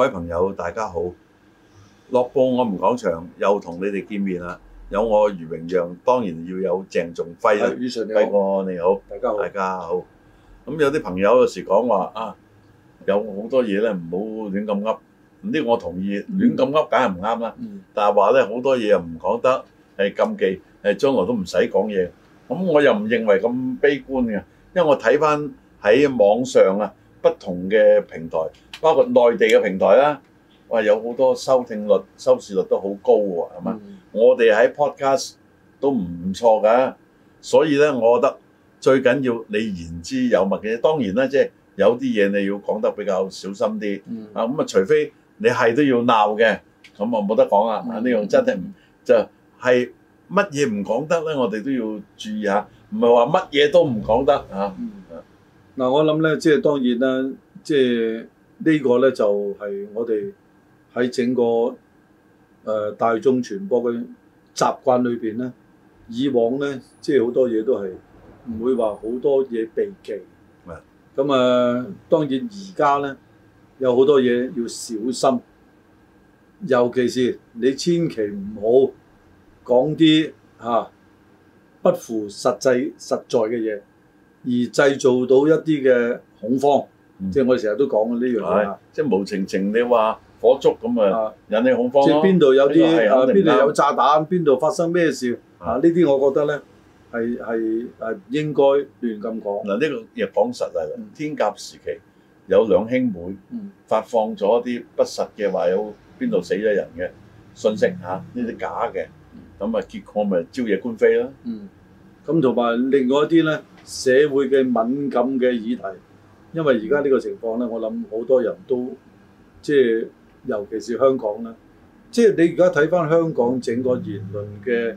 各位朋友，大家好！樂報我哋講場，又同你哋見面啦。有我余榮陽，當然要有鄭仲輝。輝哥你好，你好，你好，大家好，大家好。咁有啲朋友有時講話啊，有好多嘢咧，唔好亂咁噏。呢個我同意亂咁噏，梗係唔啱啦。嗯、但係話咧，好多嘢又唔講得，係禁忌，係將來都唔使講嘢。咁我又唔認為咁悲觀嘅，因為我睇翻喺網上啊，不同嘅平台。包括內地嘅平台啦，哇有好多收聽率、收視率都好高喎，係嘛？嗯、我哋喺 Podcast 都唔錯㗎，所以咧，我覺得最緊要你言之有物嘅。當然啦，即係有啲嘢你要講得比較小心啲。啊咁、嗯、啊，除非你係都要鬧嘅，咁啊冇得講啦。呢樣、嗯、真係唔，就係乜嘢唔講得咧，我哋都要注意下，唔係話乜嘢都唔講得啊。嗱，我諗咧，即係當然啦，即係。呢個呢，就係、是、我哋喺整個誒、呃、大眾傳播嘅習慣裏邊呢，以往呢，即係好多嘢都係唔會話好多嘢避忌。咁啊、嗯嗯，當然而家呢，有好多嘢要小心，尤其是你千祈唔好講啲嚇不符、啊、實際實在嘅嘢，而製造到一啲嘅恐慌。嗯、即係我成日都講嘅呢樣啊！即係無情情，你話火燭咁啊，引起恐慌。即係邊度有啲，邊度、啊、有炸彈，邊度發生咩事啊？呢啲、啊、我覺得咧係係誒應該亂咁講。嗱呢、啊呢個又講實例。天鴿時期有兩兄妹發放咗一啲不實嘅話，有邊度死咗人嘅信息嚇，呢、啊、啲假嘅。咁啊結果咪招惹官非啦。嗯。咁同埋另外一啲咧，社會嘅敏感嘅議題。因為而家呢個情況咧，我諗好多人都即係，尤其是香港咧，即係你而家睇翻香港整個言論嘅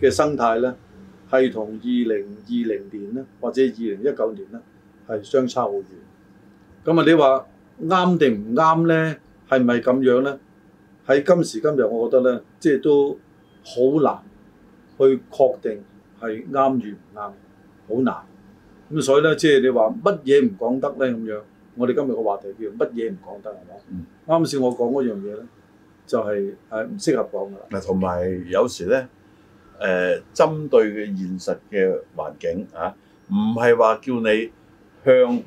嘅生態咧，係同二零二零年咧，或者二零一九年咧，係相差好遠。咁啊，你話啱定唔啱咧？係咪咁樣咧？喺今時今日，我覺得咧，即係都好難去確定係啱與唔啱，好難。咁所以咧，即係你話乜嘢唔講得咧咁樣？我哋今日個話題叫乜嘢唔講得係嘛？嗯。啱先我講嗰樣嘢咧，就係係唔適合講啦。嗱，同埋有時咧，誒針對嘅現實嘅環境啊，唔係話叫你向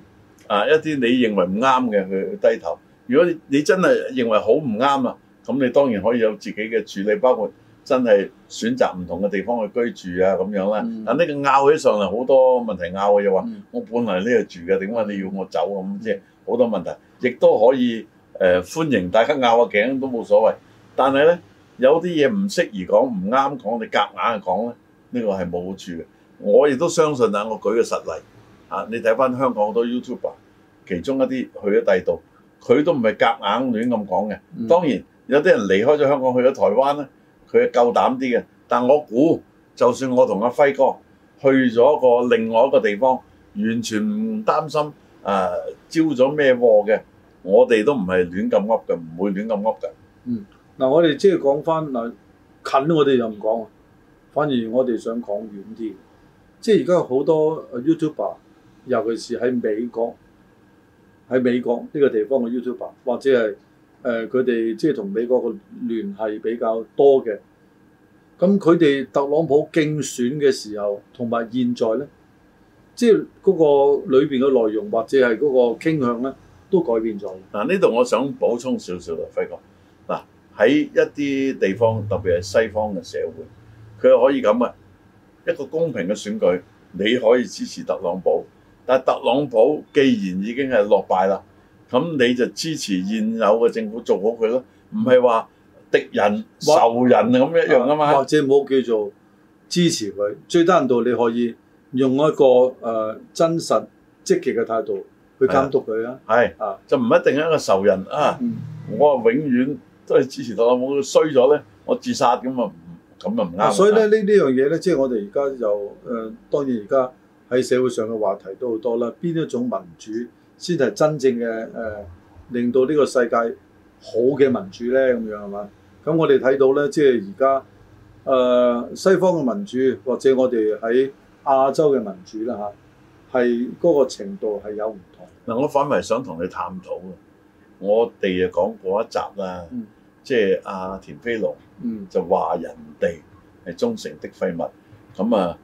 啊一啲你認為唔啱嘅去低頭。如果你真係認為好唔啱啊，咁你當然可以有自己嘅處理，包括。真係選擇唔同嘅地方去居住啊咁樣啦，啊，但呢個拗起上嚟好多問題拗，嘅又話我本來呢度住嘅，點解你要我走咁、啊？即係好多問題，亦都可以誒、呃、歡迎大家拗個頸都冇所謂。但係咧，有啲嘢唔適宜講，唔啱講，你夾硬去講咧，呢、這個係冇好處嘅。我亦都相信啊，我舉個實例嚇、啊，你睇翻香港好多 YouTuber 其中一啲去咗第二度，佢都唔係夾硬，硬亂咁講嘅。當然有啲人離開咗香港去咗台灣咧。佢係夠膽啲嘅，但我估就算我同阿輝哥去咗個另外一個地方，完全唔擔心啊、呃、招咗咩禍嘅，我哋都唔係亂咁噏嘅，唔會亂咁噏嘅。嗯，嗱我哋即係講翻嗱近，我哋就唔講，反而我哋想講遠啲，即係而家好多 YouTuber，尤其是喺美國，喺美國呢個地方嘅 YouTuber 或者係。誒佢哋即係同美國嘅聯繫比較多嘅，咁佢哋特朗普競選嘅時候，同埋現在咧，即係嗰個裏邊嘅內容或者係嗰個傾向咧，都改變咗。嗱呢度我想補充少少啊，輝哥。嗱喺一啲地方，特別係西方嘅社會，佢可以咁嘅一個公平嘅選舉，你可以支持特朗普，但係特朗普既然已經係落敗啦。咁你就支持現有嘅政府做好佢咯，唔係話敵人仇人咁一樣啊嘛。或者冇叫做支持佢，最低限度你可以用一個誒、呃、真實積極嘅態度去監督佢啊。係啊，就唔一定係一個仇人啊。嗯、我話永遠都係支持特朗普，衰咗咧，我自殺咁啊，咁又唔啱。所以咧，呢呢、嗯、樣嘢咧，即、就、係、是、我哋而家就誒、呃，當然而家喺社會上嘅話題都好多啦。邊一種民主先係真正嘅誒、呃，令到呢個世界好嘅民主咧，咁樣係嘛？咁我哋睇到咧，即係而家誒西方嘅民主，或者我哋喺亞洲嘅民主啦嚇，係、啊、嗰個程度係有唔同。嗱、嗯，我反為想同你探討啊，我哋誒講過一集啦，嗯、即係阿田飛龍就話人哋係忠誠的廢物，咁啊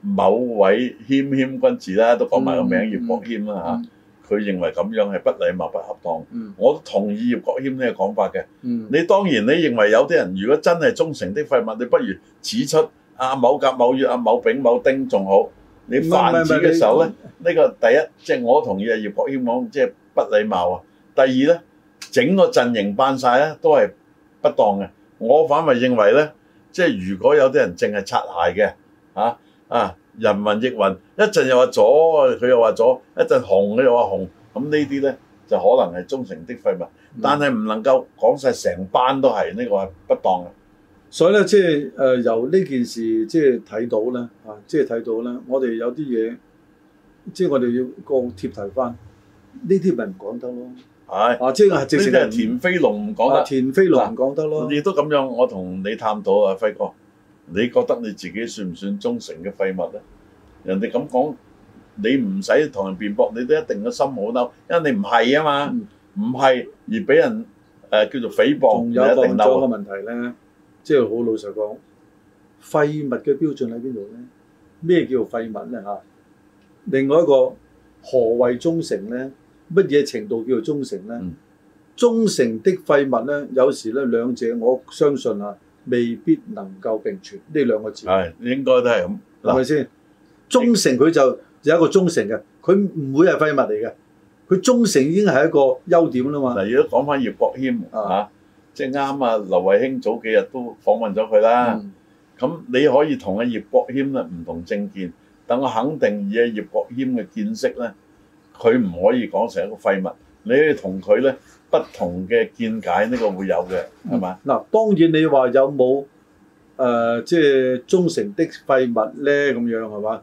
某位謙謙君子啦，都講埋個名葉國謙啦嚇。嗯嗯佢認為咁樣係不禮貌、不恰當。嗯、我都同意葉國謙呢個講法嘅。嗯、你當然你認為有啲人如果真係忠誠的廢物，你不如指出阿、啊、某甲某月、某乙、阿某丙、某丁仲好。你反指嘅時候咧，呢、嗯嗯嗯嗯、個第一即係、就是、我同意啊葉國謙講，即、就、係、是、不禮貌啊。第二咧，整個陣型扮晒咧都係不當嘅陣營辦晒。我反為認為咧，即、就、係、是、如果有啲人淨係擦鞋嘅，嚇啊！啊人云亦云，一陣又話左，佢又話左；一陣紅，佢又話紅。咁呢啲咧就可能係忠誠的廢物，但係唔能夠講晒成班都係呢個係不當。所以咧、就是，即係誒由呢件事即係睇到咧，啊即係睇到咧，我哋有啲嘢即係我哋要告貼題翻呢啲咪唔講得咯。係、哎、啊，即、就、係、是、直呢個係田飛龍唔講得，田飛龍唔講得咯。亦、啊嗯、都咁樣，我同你探討啊，輝哥。你覺得你自己算唔算忠誠嘅廢物咧？人哋咁講，你唔使同人辯駁，你都一定個心好嬲，因為你唔係啊嘛，唔係、嗯、而俾人誒、呃、叫做誹謗，仲有另一個問題咧，即係好老實講，廢物嘅標準喺邊度咧？咩叫做廢物咧？嚇，另外一個何為忠誠咧？乜嘢程度叫做忠誠咧？嗯、忠誠的廢物咧，有時咧兩者，我相信啊。未必能夠並存呢兩個字，係應該都係咁，係咪、嗯、先忠誠佢就有一個忠誠嘅，佢唔會係廢物嚟嘅，佢忠誠已經係一個優點啦嘛。嗱，如果講翻葉國謙啊，即係啱啊，劉、就是、慧卿早幾日都訪問咗佢啦。咁、嗯、你可以同阿葉國謙啊唔同政見，等我肯定以葉國謙嘅見識咧，佢唔可以講成一個廢物。你同佢咧。不同嘅見解呢、呢個會有嘅係嘛？嗱、嗯，當然你話有冇誒即係忠誠的廢物咧，咁樣係嘛？呢、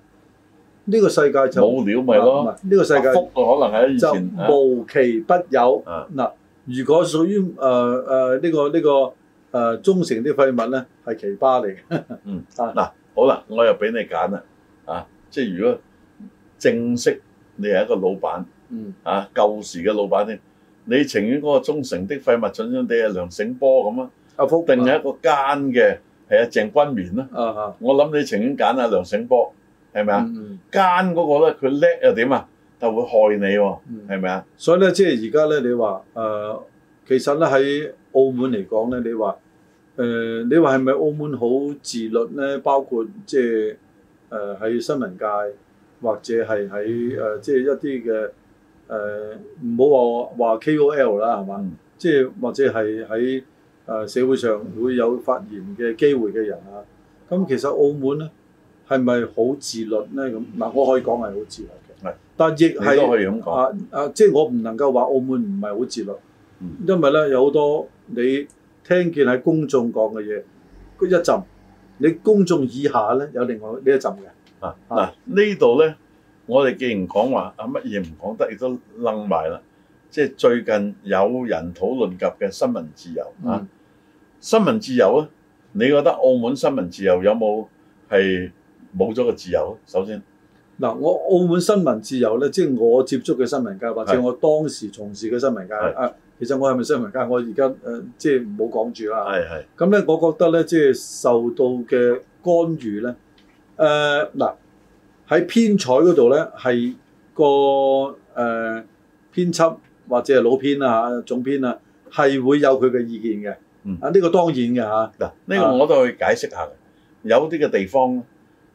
呢個世界就冇料咪咯？呢、啊啊，呢個世界福啊，可能係以前就無奇不有。嗱、啊啊，如果屬於誒誒呢個呢個誒忠誠的廢物咧，係奇葩嚟。呵呵嗯嗱、啊、好啦，我又俾你揀啦啊，即係如果正式你係一個老闆，嗯啊舊時嘅老闆咧。你情願嗰個忠誠的廢物蠢蠢哋啊梁醒波咁啊，福定係一個奸嘅係啊鄭君綿啦、啊啊。啊啊！我諗你情願揀阿梁醒波，係咪啊？嗯嗯、奸嗰個咧佢叻又點啊？就會害你喎、哦，係咪啊？吧所以咧，即係而家咧，你話誒、呃，其實咧喺澳門嚟講咧，你話誒、呃，你話係咪澳門好自律咧？包括即係誒喺新聞界或者係喺誒即係一啲嘅。嗯誒唔好話話 KOL 啦，係嘛、呃？即係、嗯、或者係喺誒社會上會有發言嘅機會嘅人啊。咁其實澳門咧係咪好自律咧？咁嗱，我可以講係好自律嘅。係、嗯，但係亦係可以咁講啊啊！即、啊、係、就是、我唔能夠話澳門唔係好自律，嗯、因為咧有好多你聽見喺公眾講嘅嘢，嗰一陣，你公眾以下咧有另外呢一陣嘅啊嗱，呢度咧。我哋既然講話啊乜嘢唔講得，亦都愣埋啦。即係最近有人討論及嘅新聞自由、嗯、啊，新聞自由啊，你覺得澳門新聞自由有冇係冇咗個自由啊？首先，嗱、呃，我澳門新聞自由咧，即係我接觸嘅新聞界，或者我當時從事嘅新聞界是啊，其實我係咪新聞界？我而家誒，即係唔好講住啦。係係。咁咧，我覺得咧，即係受到嘅干預咧，誒、呃、嗱。呃喺編採嗰度咧，係個、呃、編輯或者係老編啊、總編啊，係會有佢嘅意見嘅。嗯，啊呢個當然嘅嚇。嗱，呢個我都去解釋下嘅。啊、有啲嘅地方，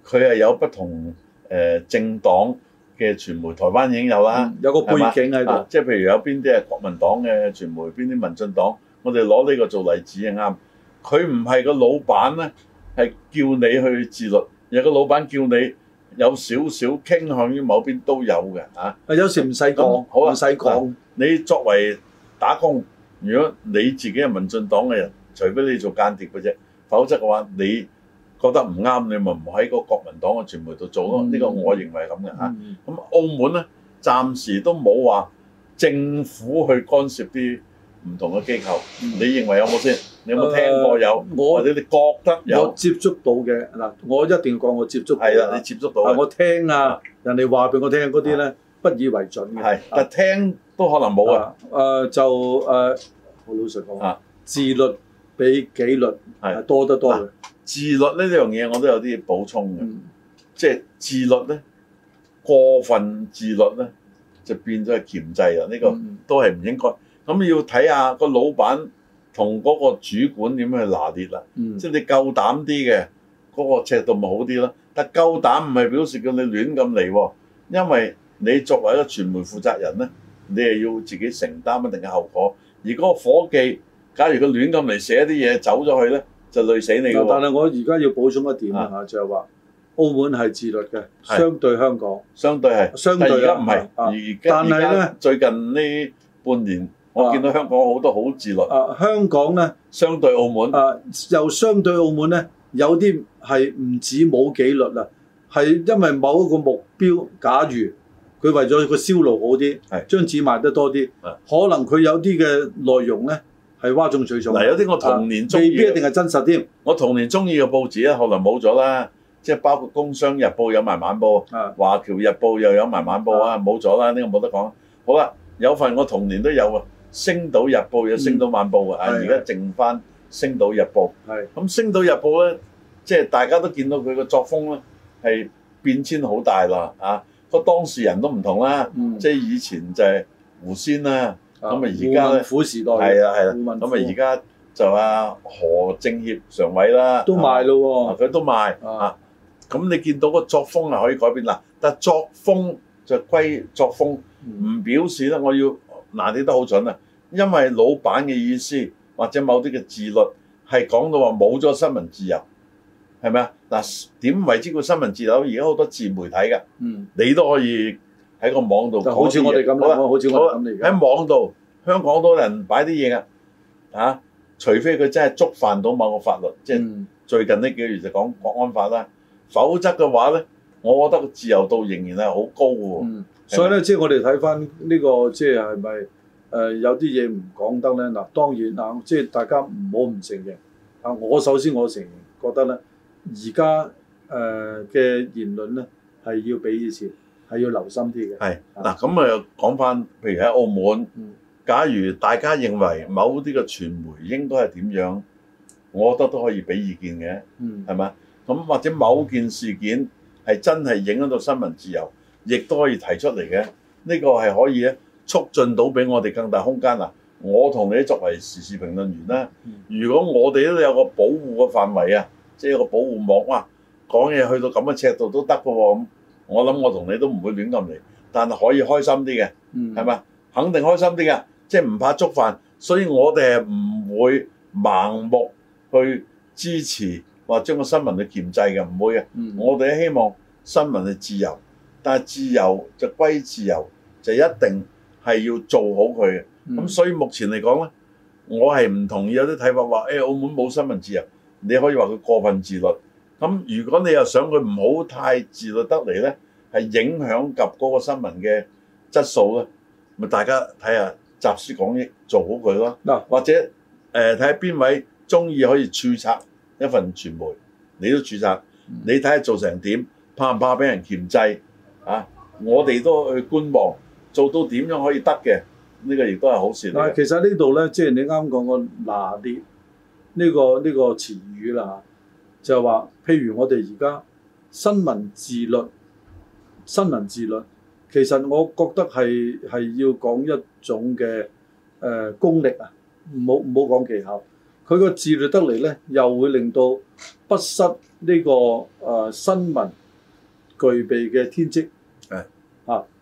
佢係有不同誒、呃、政黨嘅傳媒。台灣已經有啦、嗯，有個背景喺度吧、啊。即係譬如有邊啲係國民黨嘅傳媒，邊啲民進黨。我哋攞呢個做例子啊啱。佢唔係個老闆咧，係叫你去自律。有個老闆叫你。有少少傾向於某邊都有嘅嚇、啊，有時唔使講，好，唔使講。你作為打工，如果你自己係民進黨嘅人，除非你做間諜嘅啫，否則嘅話你覺得唔啱，你咪唔喺個國民黨嘅傳媒度做咯。呢、嗯、個我認為係咁嘅嚇。咁、嗯、澳門咧，暫時都冇話政府去干涉啲唔同嘅機構，嗯、你認為有冇先？有冇聽過有？或者你覺得有？我接觸到嘅嗱，我一定要講我接觸到。係啊，你接觸到我聽啊，人哋話俾我聽嗰啲咧，不以為準嘅。係，但聽都可能冇啊。誒就誒，老實講，自律比紀律係多得多。自律呢樣嘢我都有啲補充嘅，即係自律咧過分自律咧，就變咗係鉗制啊！呢個都係唔應該。咁要睇下個老闆，同嗰個主管點去拿捏啦？即係你夠膽啲嘅，嗰個尺度咪好啲咯。但係夠膽唔係表示叫你亂咁嚟喎，因為你作為一個傳媒負責人咧，你係要自己承擔一定嘅後果。而嗰個伙計，假如佢亂咁嚟寫啲嘢走咗去咧，就累死你㗎。但係我而家要補充一點啊，就係話澳門係自律嘅，相對香港，相對係，相對而家唔係，而但係咧最近呢半年。我見到香港好多好自律。啊，香港咧，相對澳門。啊，又相對澳門咧，有啲係唔止冇紀律啦，係因為某一個目標，假如佢為咗個銷路好啲，係將紙賣得多啲，可能佢有啲嘅內容咧係嘩眾取寵。嗱，有啲我童年未必一定係真實添。我童年中意嘅報紙咧，後來冇咗啦，即係包括《工商日報》有埋晚報，《華僑日報》又有埋晚報啊，冇咗啦，呢個冇得講。好啦，有份我童年都有啊。《星島日報》有的《星島晚報》啊，而家剩翻《星島日報》。咁《星島日報》咧，即係大家都見到佢個作風咧，係變遷好大啦。啊，個當事人都唔同啦，嗯、即係以前就係胡仙啦、啊，咁啊而家咧，係啦係啦，咁啊而家就阿、啊、何政協常委啦，都賣咯喎、哦，佢、啊、都賣啊。咁、啊、你見到個作風係可以改變啦、啊，但係作風就歸作風，唔表示咧我要。嗱，你都好蠢啊！因為老闆嘅意思或者某啲嘅自律係講到話冇咗新聞自由，係咪啊？嗱，點為之個新聞自由？而家好多自媒體嘅，嗯、你都可以喺個網度、嗯，我好似我哋咁啊，喺網度香港多人擺啲嘢㗎啊！除非佢真係觸犯到某個法律，嗯、即係最近呢幾個月就講國安法啦，否則嘅話咧，我覺得個自由度仍然係好高嘅喎。嗯嗯所以咧，即係我哋睇翻呢個，即係係咪誒有啲嘢唔講得咧？嗱，當然嗱、呃，即係大家唔好唔承認。啊，我首先我承認，覺得咧，而家誒嘅言論咧，係要比以前係要留心啲嘅。係嗱是，咁是啊講翻那、嗯，譬如喺澳門，嗯、假如大家認為某啲嘅傳媒應該係點樣，我覺得都可以俾意見嘅，係咪、嗯？咁或者某件事件係真係影響到新聞自由。亦都可以提出嚟嘅，呢、這個係可以咧促進到俾我哋更大空間嗱。我同你作為時事評論員啦，如果我哋都有個保護嘅範圍啊，即係個保護網啊，講嘢去到咁嘅尺度都得㗎喎。咁我諗我同你都唔會亂咁嚟，但係可以開心啲嘅，係咪、嗯？肯定開心啲嘅，即係唔怕觸犯，所以我哋係唔會盲目去支持或將個新聞去鉗制嘅，唔會嘅。嗯、我哋希望新聞係自由。啊！自由就歸自由，就一定係要做好佢嘅。咁、嗯、所以目前嚟講咧，我係唔同意有啲睇法話：，誒、哎，澳門冇新聞自由，你可以話佢過分自律。咁如果你又想佢唔好太自律得嚟咧，係影響及嗰個新聞嘅質素咧，咪大家睇下集思廣益，做好佢咯。嗱、嗯，或者誒睇下邊位中意可以註冊一份傳媒，你都註冊，嗯、你睇下做成點，怕唔怕俾人鉗制？啊！我哋都去觀望，做到點樣可以得嘅？呢、這個亦都係好事嚟。嗱，其實呢度咧，即係你啱講個拿捏呢、這個呢、這個詞、這個、語啦嚇、啊，就係、是、話，譬如我哋而家新聞自律、新聞自律，其實我覺得係係要講一種嘅誒、呃、功力啊，唔好唔好講技巧。佢個自律得嚟咧，又會令到不失呢、這個誒、呃、新聞具備嘅天職。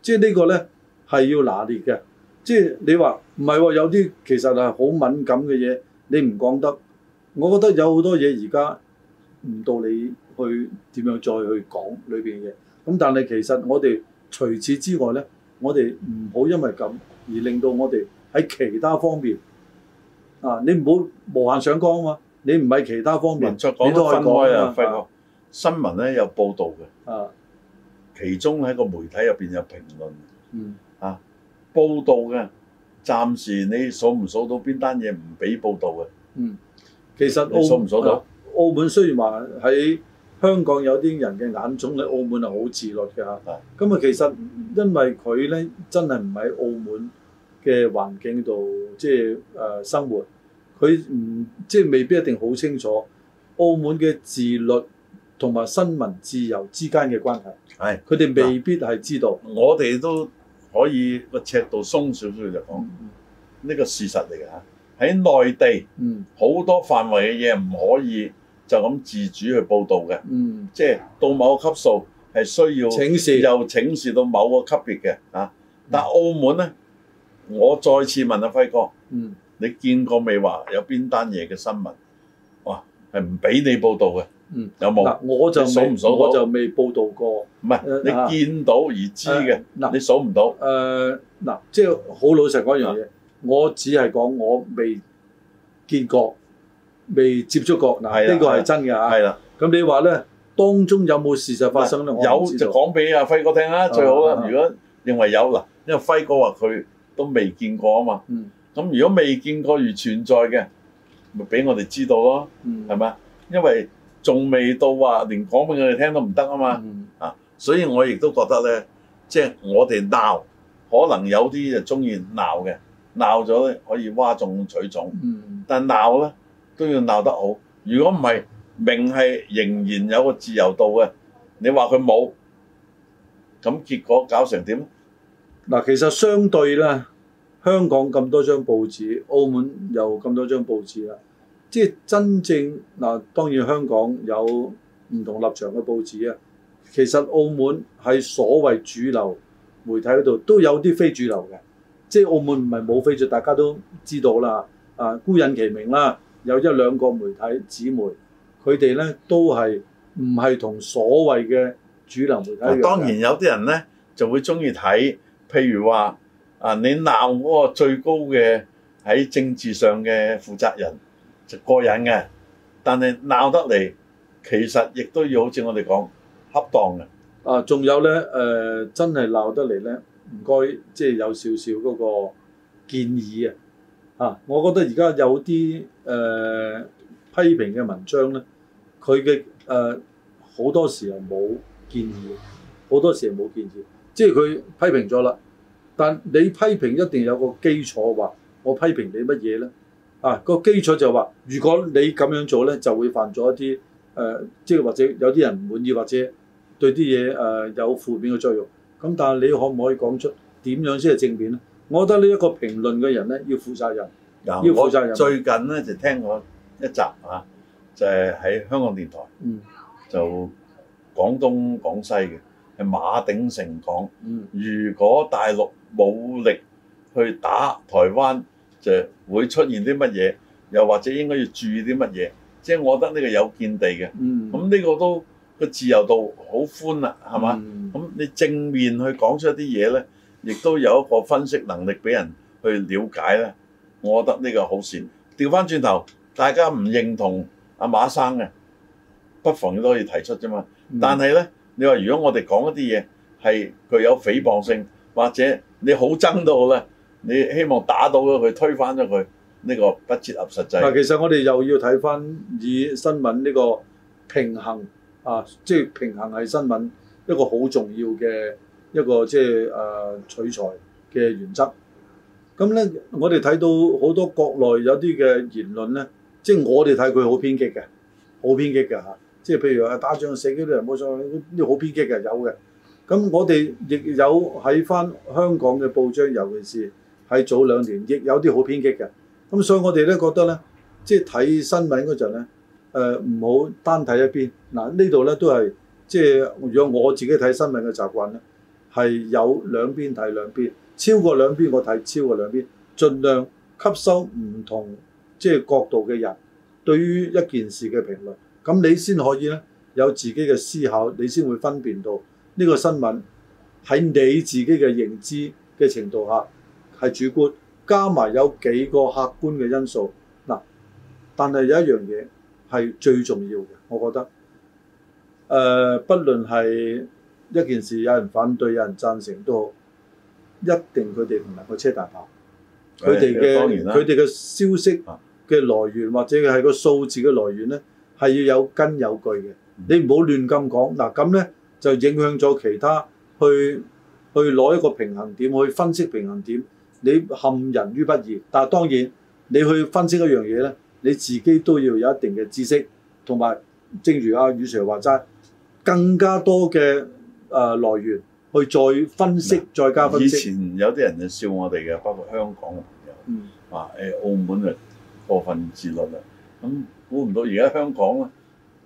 即係呢個咧係要拿捏嘅，即係你話唔係喎，有啲其實係好敏感嘅嘢，你唔講得。我覺得有好多嘢而家唔到你去點樣再去講裏邊嘅嘢。咁但係其實我哋除此之外咧，我哋唔好因為咁而令到我哋喺其他方面啊，你唔好無限上綱啊嘛。你唔係其他方面，你，你都分開講啊，新聞咧有報導嘅。啊。其中喺個媒體入邊有評論，嗯啊報道嘅，暫時你數唔數到邊單嘢唔俾報道嘅？嗯，其實澳，你數唔數到？澳門雖然話喺香港有啲人嘅眼中，喺澳門係好自律嘅嚇，咁啊其實因為佢咧真係唔喺澳門嘅環境度即係誒生活，佢唔即係未必一定好清楚澳門嘅自律同埋新聞自由之間嘅關係。係，佢哋是未必係知道，啊、我哋都可以個尺度鬆少少就講呢個事實嚟㗎嚇。喺內地，嗯，好多範圍嘅嘢唔可以就咁自主去報道嘅，嗯，即、就、係、是、到某個級數係需要請示，又請示到某個級別嘅啊。但澳門咧，嗯、我再次問阿、啊、輝哥，嗯，你見過未話有邊單嘢嘅新聞，哇，係唔俾你報道嘅？嗯，有冇？嗱，我就數唔數我就未報道過。唔係你見到而知嘅，嗱，你數唔到。誒，嗱，即係好老實講樣嘢，我只係講我未見過、未接觸過。嗱，呢個係真㗎嚇。係啦。咁你話咧，當中有冇事實發生咧？有就講俾阿輝哥聽啦，最好啦。如果認為有嗱，因為輝哥話佢都未見過啊嘛。咁如果未見過而存在嘅，咪俾我哋知道咯。嗯。係咪？因為。仲未到話，連講俾佢哋聽都唔得啊嘛！啊，所以我亦都覺得咧，即係我哋鬧，可能有啲就中意鬧嘅，鬧咗咧可以嘩眾取寵，但鬧咧都要鬧得好。如果唔係，明係仍然有個自由度嘅，你話佢冇，咁結果搞成點？嗱，其實相對咧，香港咁多張報紙，澳門又咁多張報紙啦。即係真正嗱，當然香港有唔同立場嘅報紙啊。其實澳門喺所謂主流媒體嗰度都有啲非主流嘅，即係澳門唔係冇非主，大家都知道啦。啊，姑隱其名啦，有一兩個媒體姊妹，佢哋咧都係唔係同所謂嘅主流媒體一樣。當然有啲人咧就會中意睇，譬如話啊，你鬧嗰個最高嘅喺政治上嘅負責人。就過癮嘅，但係鬧得嚟，其實亦都要好似我哋講恰當嘅。啊，仲有咧，誒，真係鬧得嚟咧，唔該，即係有少少嗰個建議啊！嚇，我覺得而家有啲誒批評嘅文章咧，佢嘅誒好多時候冇建議，好多時候冇建議，即係佢批評咗啦。但你批評一定有個基礎，話我批評你乜嘢咧？啊！嗰個基礎就係話，如果你咁樣做呢，就會犯咗一啲誒、呃，即係或者有啲人唔滿意，或者對啲嘢誒有負面嘅作用。咁但係你可唔可以講出點樣先係正面呢？我覺得呢一個評論嘅人呢，要負責任，由我 要負責任。最近呢，就聽過一集啊，就係、是、喺香港電台，嗯、就廣東廣西嘅，係馬鼎盛講，嗯、如果大陸冇力去打台灣。就會出現啲乜嘢，又或者應該要注意啲乜嘢？即係我覺得呢個有見地嘅。咁呢、嗯、個都個自由度好寬啦、啊，係嘛？咁、嗯、你正面去講出一啲嘢呢，亦都有一個分析能力俾人去了解呢。我覺得呢個好善。調翻轉頭，大家唔認同阿馬生嘅、啊，不妨都可以提出啫嘛。嗯、但係呢，你話如果我哋講一啲嘢係具有誹謗性，或者你好憎到呢。嗯你希望打倒咗佢，推翻咗佢呢個不切合實際。嗱、啊，其實我哋又要睇翻以新聞呢個平衡啊，即、就、係、是、平衡係新聞一個好重要嘅一個即係誒取材嘅原則。咁咧，我哋睇到好多國內有啲嘅言論咧，即、就、係、是、我哋睇佢好偏激嘅，好偏激嘅嚇。即、啊、係、就是、譬如話打仗死幾多人，冇錯呢啲好偏激嘅有嘅。咁我哋亦有喺翻香港嘅報章，尤其是，喺早兩年，亦有啲好偏激嘅。咁所以我哋咧覺得咧，即係睇新聞嗰陣咧，誒唔好單睇一邊。嗱、啊、呢度咧都係即係，如果我自己睇新聞嘅習慣咧，係有兩邊睇兩邊，超過兩邊我睇超過兩邊，盡量吸收唔同即係角度嘅人對於一件事嘅評論。咁你先可以咧有自己嘅思考，你先會分辨到呢個新聞喺你自己嘅認知嘅程度下。係主觀，加埋有幾個客觀嘅因素嗱。但係有一樣嘢係最重要嘅，我覺得誒、呃，不論係一件事有人反對、有人贊成都好，一定佢哋唔能夠車大炮。佢哋嘅佢哋嘅消息嘅來源，或者係個數字嘅來源呢，係要有根有據嘅。你唔好亂咁講嗱，咁呢就影響咗其他去去攞一個平衡點，去分析平衡點。你陷人於不義。但係當然你去分析一樣嘢咧，你自己都要有一定嘅知識，同埋正如阿、啊、宇 Sir 話齋，更加多嘅誒、呃、來源去再分析，再加分析。以前有啲人就笑我哋嘅，包括香港嘅朋友，話誒、嗯、澳門啊過分自律啦，咁估唔到而家香港咧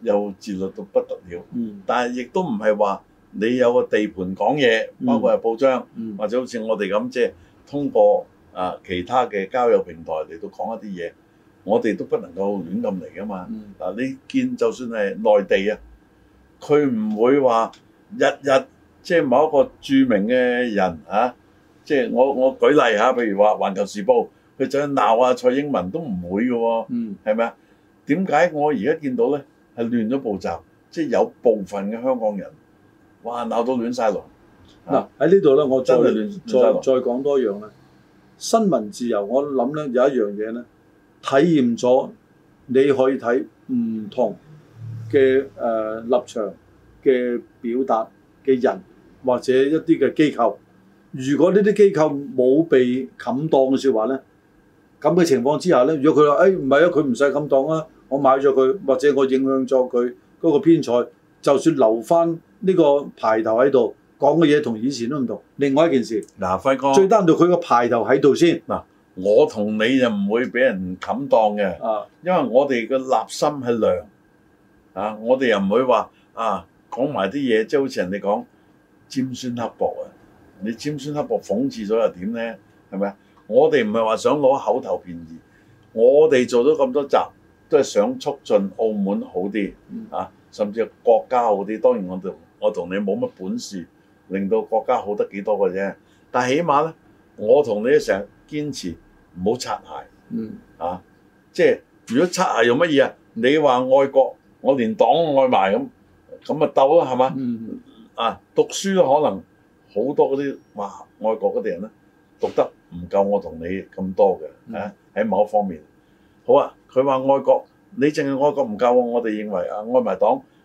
又自律到不得了。嗯，但係亦都唔係話你有個地盤講嘢，包括係報章，嗯嗯、或者好似我哋咁即係。通過啊其他嘅交友平台嚟到講一啲嘢，我哋都不能夠亂咁嚟噶嘛。嗱、嗯，你見就算係內地啊，佢唔會話日日即係、就是、某一個著名嘅人嚇，即、啊、係、就是、我我舉例下，譬如話《環球時報》，佢就鬧啊蔡英文都唔會嘅喎、哦，係咪啊？點解我而家見到咧係亂咗步驟？即、就、係、是、有部分嘅香港人哇鬧到亂晒龍。嗱，喺呢度咧，我再再再，再講多樣啦。新聞自由，我諗咧有一樣嘢咧，體驗咗你可以睇唔同嘅誒、呃、立場嘅表達嘅人或者一啲嘅機構。如果呢啲機構冇被冚檔嘅説話咧，咁嘅情況之下咧，如果佢話誒唔係啊，佢唔使冚檔啊，我買咗佢，或者我影響咗佢嗰個編採，就算留翻呢個排頭喺度。講嘅嘢同以前都唔同。另外一件事，嗱、啊、輝哥，最單獨佢個排頭喺度先。嗱、啊，我同你就唔會俾人冚當嘅，啊、因為我哋嘅立心係良啊，我哋又唔會話啊講埋啲嘢，即係好似人哋講尖酸刻薄啊。你尖酸刻薄，諷刺咗又點咧？係咪啊？我哋唔係話想攞口頭便宜，我哋做咗咁多集都係想促進澳門好啲啊，甚至國家好啲。當然我同我同你冇乜本事。令到國家好得幾多嘅啫，但係起碼咧，我同你一成日堅持唔好擦鞋，嗯啊，即係如果擦鞋用乜嘢啊？你話愛國，我連黨愛埋咁，咁咪鬥咯，係嘛？嗯、啊，讀書都可能好多嗰啲話愛國嗰啲人咧，讀得唔夠我同你咁多嘅，喺、啊、某一方面，好啊。佢話愛國，你淨係愛國唔夠啊！我哋認為啊，愛埋黨。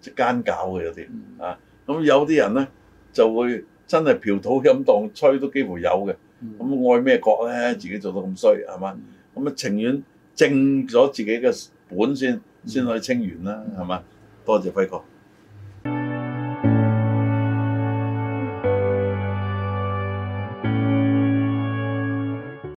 即奸狡嘅有啲、嗯、啊，咁有啲人咧就會真係嫖賭飲蕩吹都幾乎有嘅，咁、嗯嗯嗯、愛咩國咧？自己做到咁衰係嘛？咁啊情願正咗自己嘅本先先、嗯、可以清完啦，係嘛、嗯？吧多謝輝哥。